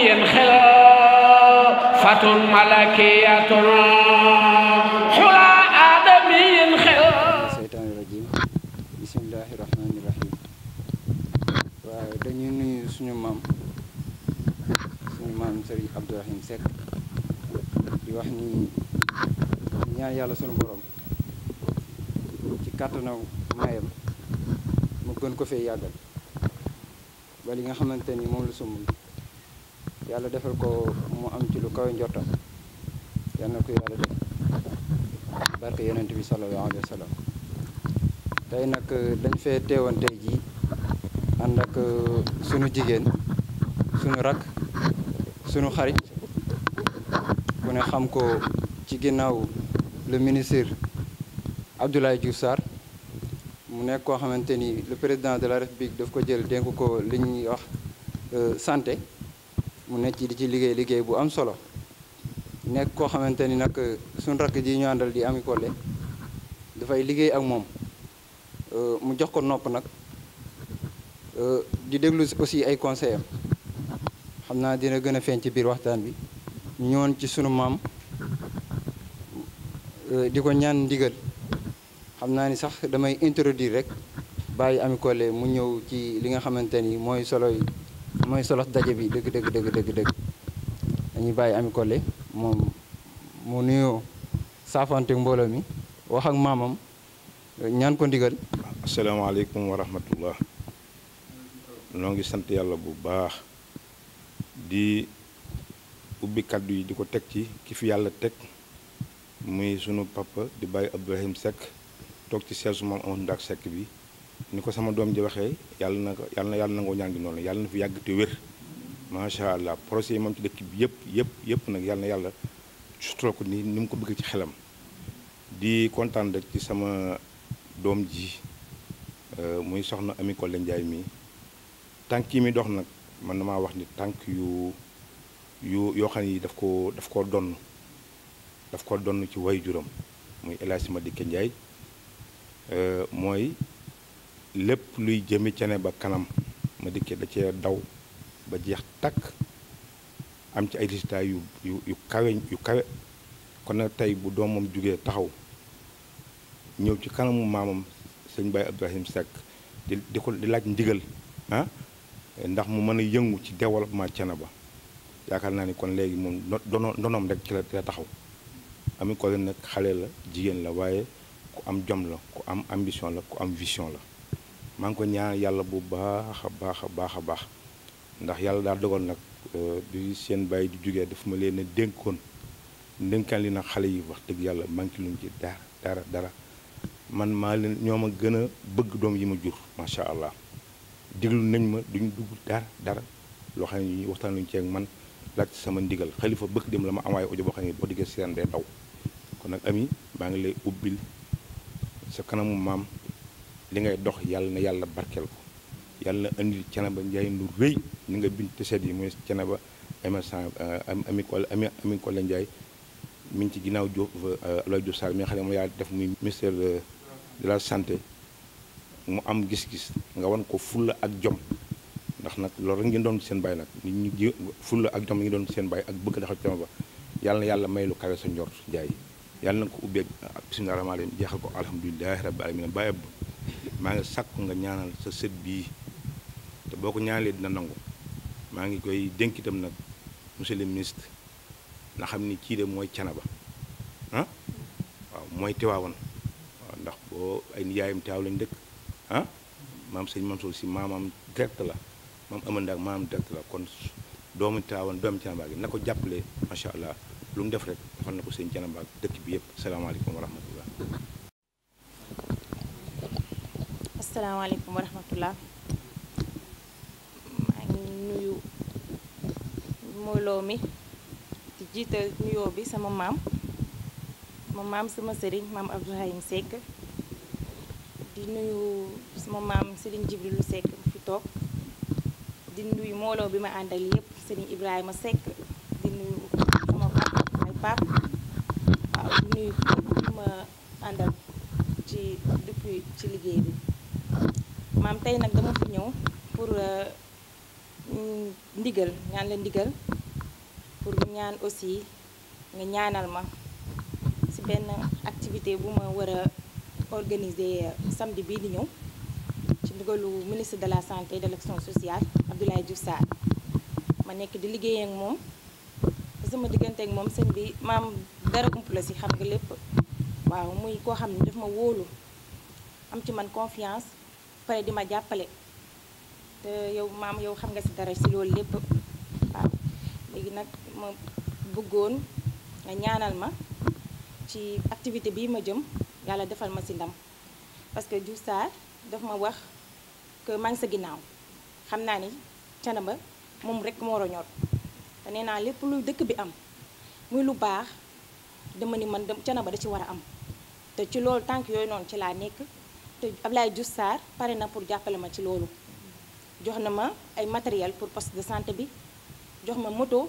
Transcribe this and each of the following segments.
نبي خلافة ملكية حلى آدمي خلاف الشيطان الرجيم بسم الله di wax ni ñaan yàlla suñu borom ci kàttanaw mayam mu gën ko yàlla defal ko mu am ci lu kawe njortam yal na ko yàlla def barke yonent bi sallallahu alayhi wa sallam tey nag euh, dañ fee teewoon tey jii ànd ak euh, sunu jigéen suñu rak sunu xarit ku ne xam ko ci ginnaaw le ministre Abdoulaye Diouf Sarr mu nekk koo xamante ni le président de la république daf ko jël dénk ko li ñuy wax euh, santé mu nekk ci di ci liggéey liggéey bu am solo nekk koo xamante ni nag suñ rakk ji ñu àndal di Ami Collé dafay liggéey ak moom euh, mu jox ko nopp nag euh, di déglu aussi ay conseil am xam naa dina gën a feeñ ci biir waxtaan bi ñoon ci sunu maam euh, di ko ñaan ndigal xam naa ni sax damay introduire rek bàyyi Ami Collé mu ñëw ci li nga xamante ni solo mooy solo daje bi dëgg dëgg dëgg dëgg dëgg dañuy bàyyi Ami kole moom mu nuyoo saafante mbooloo mi wax ak maamam ñaan ko ndigal. asalaamaaleykum wa rahmatullah noo ngi sant yàlla bu baax di ubbi kàddu yi di ko teg ci ki fi yàlla teg muy sunu papa di bàyyi Abdourahim Seck toog ci seesu maam Amadou Ndak Seck bi. ni ko sama doom ji waxee yàlla na ko yàlla na yàlla nangoo ñaan gi noonu yàlla na fi yàgg te wér macha allah projet yi moom ci dëkk bi yëpp yëpp yëpp nag yàlla na yàlla sutural ko ni ni mu ko bëgg ci xelam di kontaan rek ci sama doom ji euh, muy soxna Ami Collé njaay mi tànk yi mi dox nag man na maa wax ni tànk yu yu yoo xam ni daf ko daf koo donn daf ko donn ci way juróom muy El ma Madické Ndiaye euh, mooy lépp luy jëmi cene ba kanam ma dikkee da cee daw ba jeex takk am ci ay résultats yu yu yu kawe yu kawe kon nag tey bu doomam jógee taxaw ñëw ci kanamu maamam sëñ Baye Abdourahim Seck di di ko di laaj ndigal ah ndax mu mën a yëngu ci développement cene ba yaakaar naa ni kon léegi moom dono donoom rek ci la ci taxaw ami ko nag xale la jigéen la waaye ku am jom la ku am ambition la ku am vision la maa ngi ko ñaar yàlla bu baax a baax a baax a baax ndax yàlla daal dogal nag di euh, seen bàyyi di jógee daf ma leen dénkoon ndénkaan li nag xale yi wax dëgg yàlla manqué luñ ci dara dara dara man maa leen ñoo ma gën a bëgg doom yi ma jur macha allah déglu nañ ma duñ dugg dara dara loo xam ne waxtaan luñ ceeg man laaj sama ndigal xalifa bëgg dem la ma am waaye audio boo xam ne boo diggee seen day daw kon nag ami maa ngi lay ubbil sa kanamu maam li ngay dox yàlla na yàlla barkeel ko yàlla na indi Thiénaba Ndiaye lu rëy ni nga bind seet yi mooy cena ba ami euh, ami ami Collé Ndiaye ngi ci ginnaaw Diop euh, Abdoulaye Diouf Sarr mi ne moom yàlla def muy la santé mu am gis-gis nga wan ko fulla ak jom ndax nag loolu ngeen doon seen bàyyi nag nit ñi ji fulla ak jom la ngeen doon seen bàyyi ak bëgg a taxaw Thiénaba yàlla na yàlla may lu kawe sa njort Ndiaye yàlla na ko ubbee ak bismillah rahmaan rahim jeexal ko alhamdulilahi rabbil alamin bàyyi maa ngi sakku nga ñaanal sa sët bii te boo ko ñaanalee dina nangu maa ngi koy dénk itam nag monsieur le ministre na xam ni kii de mooy canaba ah waaw mooy tiwaawan waaw ndax boo ay nijaayam tiwaaw lañ dëkk ah maam sëñ Mansour si maamam direct la maam amandaak maamam direct la kon doomu tiwaawan doomu canaba gi na ko jàppale macha allah lu mu def rek defal na ko sëñ canaba dëkk bi yëpp salaamaaleykum wa rahmatulah asalaamaaleykum wa rahmatullah maa ngi nuyu mbooloo mi di jiital nuyoo bi sama maam sama maam sama sëriñ maam Abdourahim sekk di nuyu sama maam sëriñ Jibrilu Seck fi toog di nuyu mbooloo bi ma àndal yépp sëriñ Ibrahima Seck di nuyu sama pap may pap waaw di nuyu ma àndal ci depuis ci liggéey bi maam tey nag dama fi ñëw pour euh, ndigal ñaan la ndigal pour ñaan aussi nga ñaanal ma ci benn activité bu ma war a organiser euh, samedi bii di ñëw ci ndigalu ministre de la santé et de l'action sociale Abdoulaye Diouf Sarr ma nekk di liggéey ak moom sama digganteek moom sëñ bi maam dara ump la ci xam nga lépp waaw muy koo xam ne daf ma wóolu am ci man confiance pare di ma jàppale te yow maam yow xam nga si dara si loolu lépp waaw léegi nag ma bëggoon nga ñaanal ma ci activité bii ma jëm yàlla defal ma si ndam parce que Diouf daf ma wax que maa sa ginnaaw xam naa ni Thiénaba moom rek moo war a ñor te nee naa lépp lu dëkk bi am muy lu baax dama ni man Thiénaba da ci war a am te ci loolu tànk yooyu noonu ci laa nekk te Ablaye Diouf Sarr pare na pour jàppale ma ci loolu jox na ma ay matériel pour poste de santé bi jox ma moto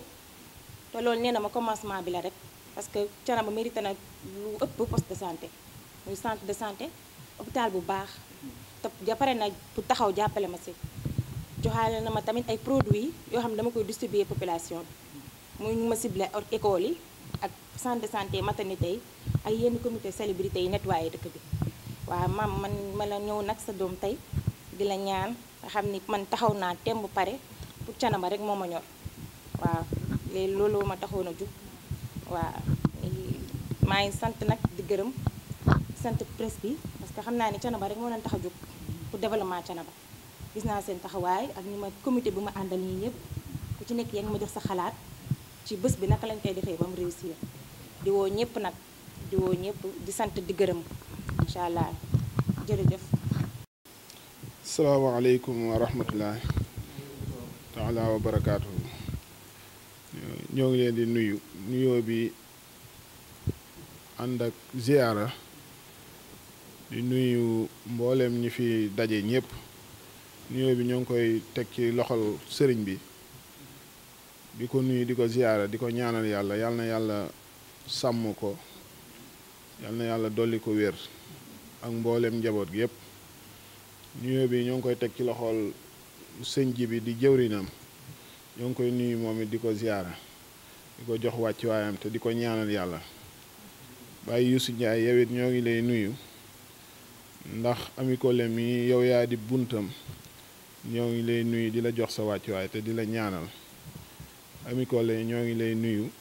te loolu nee na ma commencement bi la rek parce que Thiénaba mérité na lu ëpp poste de santé muy centre de santé hôpital bu baax te ja pare na pour taxaw jàppale ma si joxaale na ma tamit ay produits yoo xam ne dama koy distribuer population bi muy ñu ma ciblé école yi ak centre de santé maternité ak yenn comité célébrité yi nettoyé dëkk bi waaw maam man ma la ñëw nag sa doom tey di la ñaan nga xam ni man taxaw naa bu pare pour canaba rek moo ma ñor waa léegi looloo ma taxoon a jóg waa maa ngi sant nag di gërëm sant presse bi parce que xam naa ni canaba rek moo leen tax a jóg pour développement canaba gis naa seen taxawaay ak ñi ma comité bu ma àndal ñii ñëpp ku ci nekk yaa ngi ma jox sa xalaat ci bës bi naka lañ koy defee ba mu réussir di woo ñëpp nag di woo ñëpp di sant di gërëm incha allah jërëjëf. salaamaaleykum wa rahmatulah. barakaatu. ñoo ngi leen di nuyu nuyoo bi ànd ak ziyaara di nuyu mbooleem ñi fi daje ñépp nuyoo bi ñoo ngi koy teg ci loxol sëriñ bi. di ko nuyu di ko ziyaara di ko ñaanal yàlla yàlla na yàlla sàmm ko yàlla na yàlla dolli ko wér ak mboolem njaboot gi yëpp nuyoo bi ñoo ngi koy teg ci loxool sëñ ji bi di jëwriñam ñoo ngi koy nuyu moom it di ko ziyaara di ko jox wàcc waayam te di ko ñaanal yàlla Baye Youssou Ndiaye yow it ñoo ngi lay nuyu ndax ami kolem yi yow yaa di buntam ñoo ngi lay nuyu di la jox sa wàcc waay te di la ñaanal ami kolem ñoo ngi lay nuyu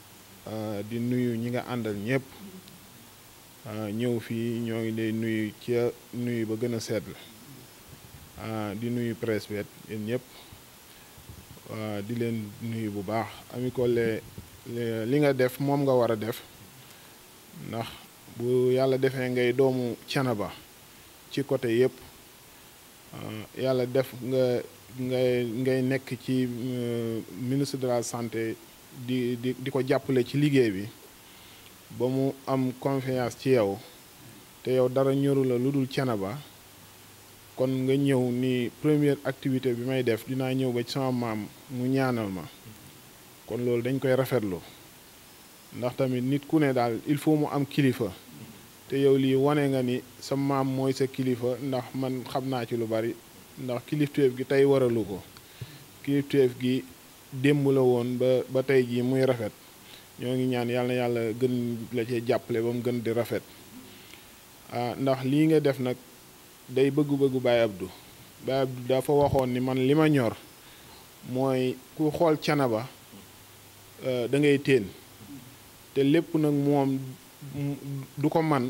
ah, di nuyu ñi nga àndal ñëpp. Ah, ñëw fii ñoo ngi lay nuyu ci nuyu ba gën a seet la ah, di nuyu presse bi yéen ah, di leen nuyu bu baax Ami Collé li nga def moom nga war a def ndax bu yàlla defee ngay doomu Thiénaba ci côté yëpp yàlla def nga ngay ngay nekk ci euh, ministre de la santé di di di ko jàppale ci liggéey bi ba mu am confiance ci yow te yow dara ñoru la lu dul ba kon nga ñëw ni première activité bi may def dinaa ñëw ba ci sama maam mu ñaanal ma kon loolu dañ koy rafetlu ndax tamit nit ku ne daal il faut mu am kilifa te yow lii wane nga ni sa maam mooy sa kilifa ndax man xam naa ci lu bari ndax kilifteef gi tey waralu ko kilifteef gi démb la woon ba ba tey jii muy rafet ñoo ngi ñaan yàlla yàlla gën la cee jàppale ba mu gën di rafet ah ndax lii nga def nag day bëgg-bëggu Baye Abdou Baye Abdou dafa waxoon ni man li ma ñor mooy ku xool Thiénaba euh, da ngay téen te lépp nag moom du ko man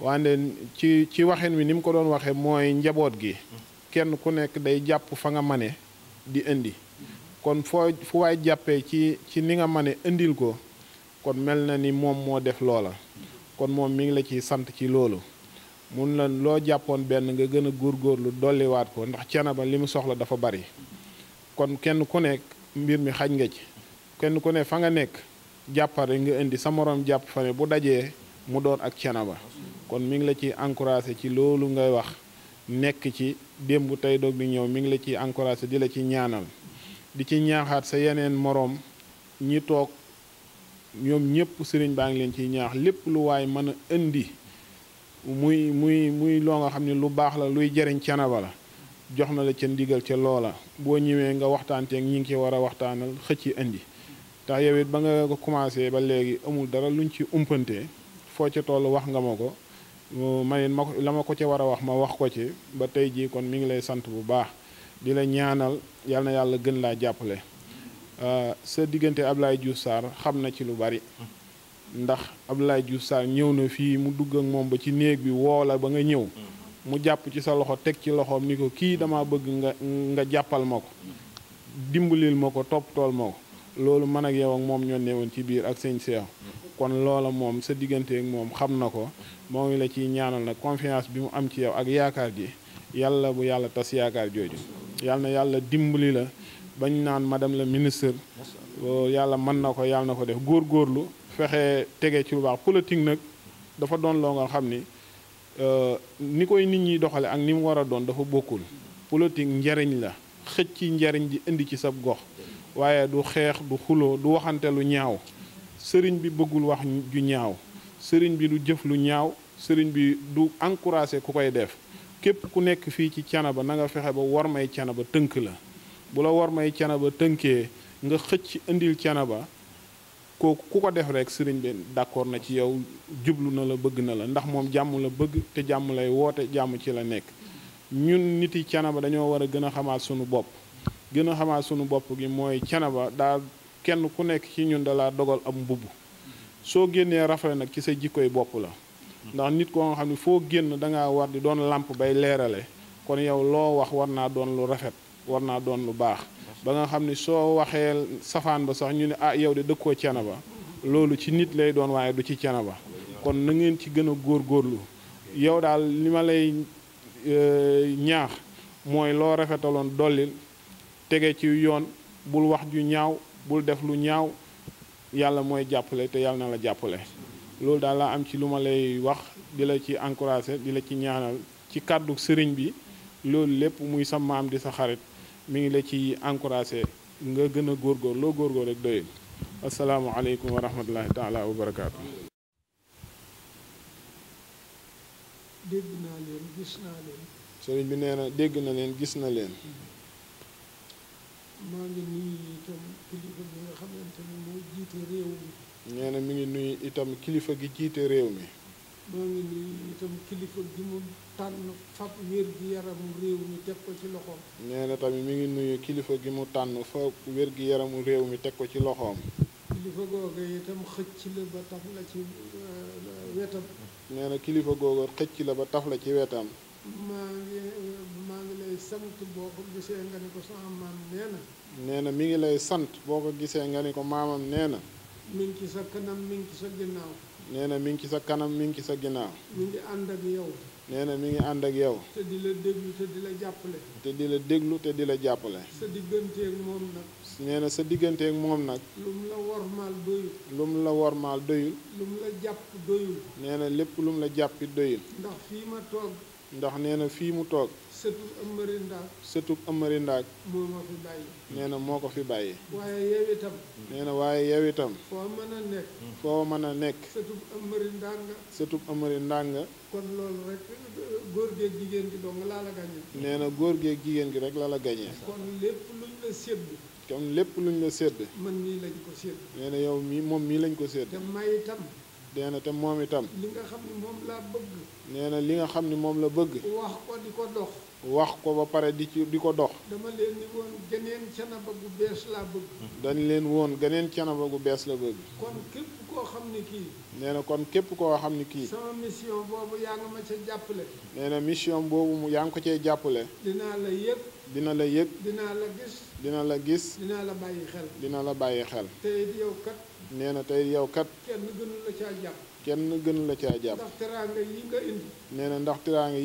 wande ci ci waxin wi ni mu ko doon waxee mooy njaboot gi kenn ku nekk day jàpp fa nga mane di indi kon foo fu waay jàppee ci ci ni nga mane indil ko kon mel ni moom moo def loola kon moom mi ngi la ci sant ci loolu mun la loo jàppoon benn nga gën a góorgóorlu dolliwaat ko ndax cana ba li mu soxla dafa bari kon kenn ku nekk mbir mi xaj nga ci kenn ku ne fa nga nekk jàppare nga indi sa morom fa ne bu mu doon ak ba kon mi ngi la ci encouragé ci loolu ngay wax nekk ci démb tey doog di ñëw mi ngi la ci encouragé di la ci ñaanal di ci ñaaxaat sa yeneen morom ñi ñoom ñëpp sëriñ baa ngi leen ciy ñaax lépp lu waay mën a indi muy muy muy loo nga xam ne lu baax la luy jariñ canaba la jox na la ca ndigal ca loola boo ñëwee nga waxtaanteeg ñi ngi ci war a waxtaanal xëcc indi tax yow it ba nga ko commencé ba léegi amul dara luñ ci umpante foo ca toll wax nga ma ko man ma ko la ma ko ca war a wax ma wax ko ci ba tey jii kon mu ngi lay sant bu baax di la ñaanal yal na yàlla gën laa jàppale Euh, sa diggante ab Ablaye Diouf Sarr xam na ci lu bari ndax ab Ablaye Diouf Sarr ñëw na fii mu dugg ak moom ba ci néeg bi woo la ba nga ñëw mu jàpp ci sa loxo teg ci loxoom ni ko kii dama bëgg nga nga jàppal ma ko dimbalil ma ko topp tool ma ko loolu man ak yow ak moom ñoo newoon ci biir ak sëñ Seex kon loola moom sa diggante ak moom xam na ko moo ngi la ciy ñaanal nag confiance bi mu am ci yow ak yaakaar ji yàlla bu yàlla tas yaakaar jooju yàlla yàlla dimbali bañ naan madame la ministre yàlla mën na ko yàlla na ko def góor góorlu fexe tege ci lu baax politique nag dafa doon loo nga xam ni euh, ni koy nit ñi doxale ak ni mu war a doon dafa bokkul politique njariñ la xëcc ci njariñ ji indi ci sab gox waaye du xeex du xuloo du waxante lu ñaaw sëriñ bi bëggul wax ju ñaaw sëriñ bi du jëf lu ñaaw sëriñ bi du encouragé ku koy def képp ku nekk fii ci Thiénaba na nga fexe ba war may ba tënk la bu la war may cana ba tënkee nga xëcc indil cana ba kooku ku ko def rek sëriñ bi d'accord na ci yow jublu na la bëgg na la ndax moom jàmm la bëgg te jàmm lay woote jàmm ci la nekk ñun nit yi cana ba dañoo war a gën a xamaat sunu bopp gën a xamaat sunu bopp gi mooy cana ba daa kenn ku nekk ci ñun dalaa dogal am mbubb soo génnee rafet nag ci sa jikkoy bopp la ndax nit koo nga xam ne foo génn danga war di doon làmp bay leerale kon yow loo wax war naa doon lu rafet warna don doon lu baax ba nga xamni so waxe safan ba sax ñu ni ah yow de dëkkoo ba lolu ci nit lay doon waye du ci ba kon na ngeen ci gën gor lima yow dal lima lay e, ñaax moy lo rafetalon dolil tege ci yoon bul wax ju ñaaw bul def lu ñaaw yalla moy jappale te yalla na la jappale lolu dal la am ci luma lay wax dila la ci encourager dila ci ñaanal ci kaddu serigne bi lolu lepp muy sa maam di sa xarit mi ngi la ci encouragé nga gën a góorgóor loo góorgóor rek doyul asalaamualeykum wa rahmatullahi taala wa barakaatu. dégg naa leen bi nee na dégg na leen gis na leen. ngi nuyu na mi ngi nuyu itam kilifa gi jiite réew mi. moo ngi nii itam kilifa gi mu tànn fab wér gi yaramu réew mi teg ko ci loxoom. nee na tamit mi ngi nuyu kilifa gi mu tànn fab wér gi yaramu réew mi teg ko ci loxoom. kilifa googu itam xëcc la ba taf la ci eh, wetam. nee na kilifa googu la ba taf la ci wetam. maa ngi maa ngi lay sant boo ko gisee nga ni ko sama maam nee na. nee mi ngi lay sant boo ko gisee nga ni ko maamam nee na. sa kanam mi sa ginnaaw. nee na mi ngi ci sa kanam mi ngi ci sa ginnaaw. mi ngi ànd ak yow. nee na mi ngi ànd ak yow. te di la déglu te di la jàppale. te di la déglu te di la jàppale. sa digganteeg moom nag. nee na sa ak moom nag. lu mu la wormaal doyul. lu mu la jàpp doyul. nee na lépp lu mu la jàppi doyul. ndax fii ma toog. ndax nee na fii mu toog. sëtub Amari Ndaag. sëtub Amari Ndaag. moo nee na moo ko fi bàyyi. waaye yow itam. na waaye yow itam. foo mën mën a nekk. sëtub Amari Ndaag nga. sëtub Amari Ndaag rek góor geeg jigéen gi dong laa la nee na góor geeg jigéen gi rek la la gañee. kon lépp luñ la sédd. man mii lañ yow mii moom mii lañ ko sédd. may itam. nee na moom itam. li nga xam ne bëgg. nee na li nga xam ne moom la bëgg. wax ko di ko dox. wax ko ba pare di ci di ko dox. dama leen ni woon geneen canaba gu bees laa bëgg. dañ leen woon geneen canaba gu bees la bëgg. kon képp koo xam ne kii. nee na kon képp koo xam ne kii. sama mission boobu yaa ngi ma ca jàppale. nee na mission boobu mu yaa ngi ko cee jàppale. dinaa la yëg. dina la yëg. dinaa la gis. dina la gis. dinaa la bàyyi xel. dina la bàyyi xel. tey yow kat. nee na tey yow kat. kenn gënu la jàpp. kenn gën la caa jàpp. ndax teraanga yi nga indi. nee na ndax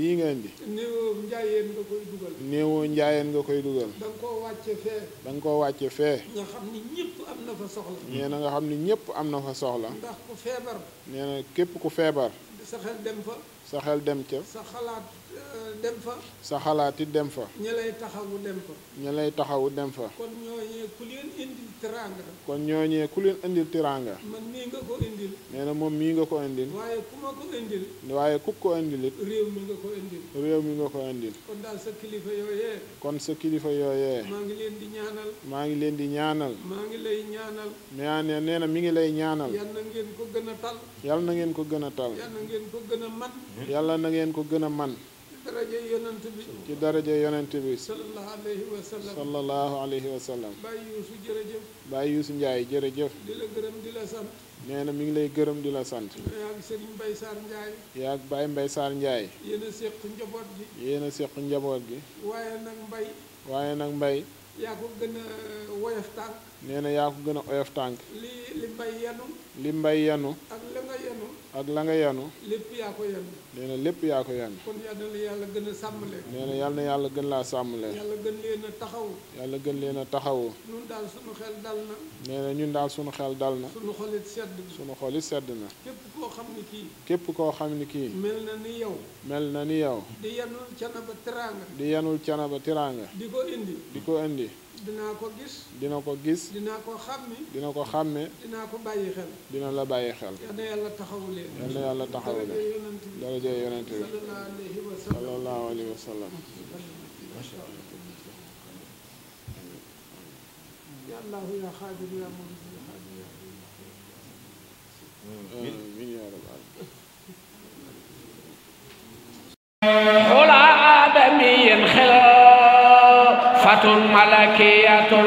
yi nga indi. néewoo njaayeen nga koy dugal. néewoo njaayeen nga koy dugal. da koo wàcce fee. da nga koo wàcce fee. nga xam ni ñëpp am na fa soxla. nee nga xam ni ñëpp am na fa soxla. ndax ku feebar. nee képp ku feebar. sa xel dem fa. sa xel dem ca. sa xalaat euh, dem fa. sa xalaat it dem fa. ña lay taxawu dem fa. ña taxawu dem fa. kon ñooñee ku leen indil tiraanga. kon ñooñee ku leen indil tiraanga. man mii nga ko indil. nee na moom mii nga ko indil. waaye ku ma ko indil. waaye ku ko indil it. réew mi nga ko indil. réew mi nga ko indil. kon daal sa kilifa yooyee. kon sa kilifa yooyee. maa ngi leen di ñaanal. maa ngi leen di ñaanal. maa ngi lay ñaanal. mais nee na mi ngi lay ñaanal. yal na ngeen ko gën a tal. yal na ngeen ko gën a tal. yal na ngeen ko gën a man yàlla na ngeen ko gën a man daraja yonent bi ci daraja yonent bi sallallahu alayhi wa sallam Baye Youssou jërëjëf Baye Youssou Ndiaye jërëjëf di la gërëm di la sant nee na mi ngi lay gërëm di la sant yaag Serigne Mbaye Sarr Ndiaye yaag Baye Mbaye Sarr Ndiaye yéen a séq njaboot gi yéen a séq njaboot gi waaye nag Mbaye waaye nag Mbaye yaa ko gën a woyof tànk nee na yaa ko gën a oyof tànk. mbay yanu. ak la nga yanu. ak la lépp yaa ko yanu. nee na na yàlla gën laa sàmmale. yàlla leen a yàlla gën leen a taxawu. ñun daal sunu xel dal na. nee na ñun daal sunu xolit sedd na. képp koo xam ni kii. képp koo xam ni kii. mel na ni yow. mel na ni yow. di yanul cana ba teraanga. di yanul cana ba teraanga. di ko indi. di ko indi. dinaa ko gis. dina ko gis. dina ko xàmme. xel. dina la bàyyi xel. yal yàlla taxawu leen. yàlla taxawu leen. daraja sallallahu alayhi wa sallam. يا الله يا خادم يا مولد يا خادم يا امين يا رب رأفة ملكية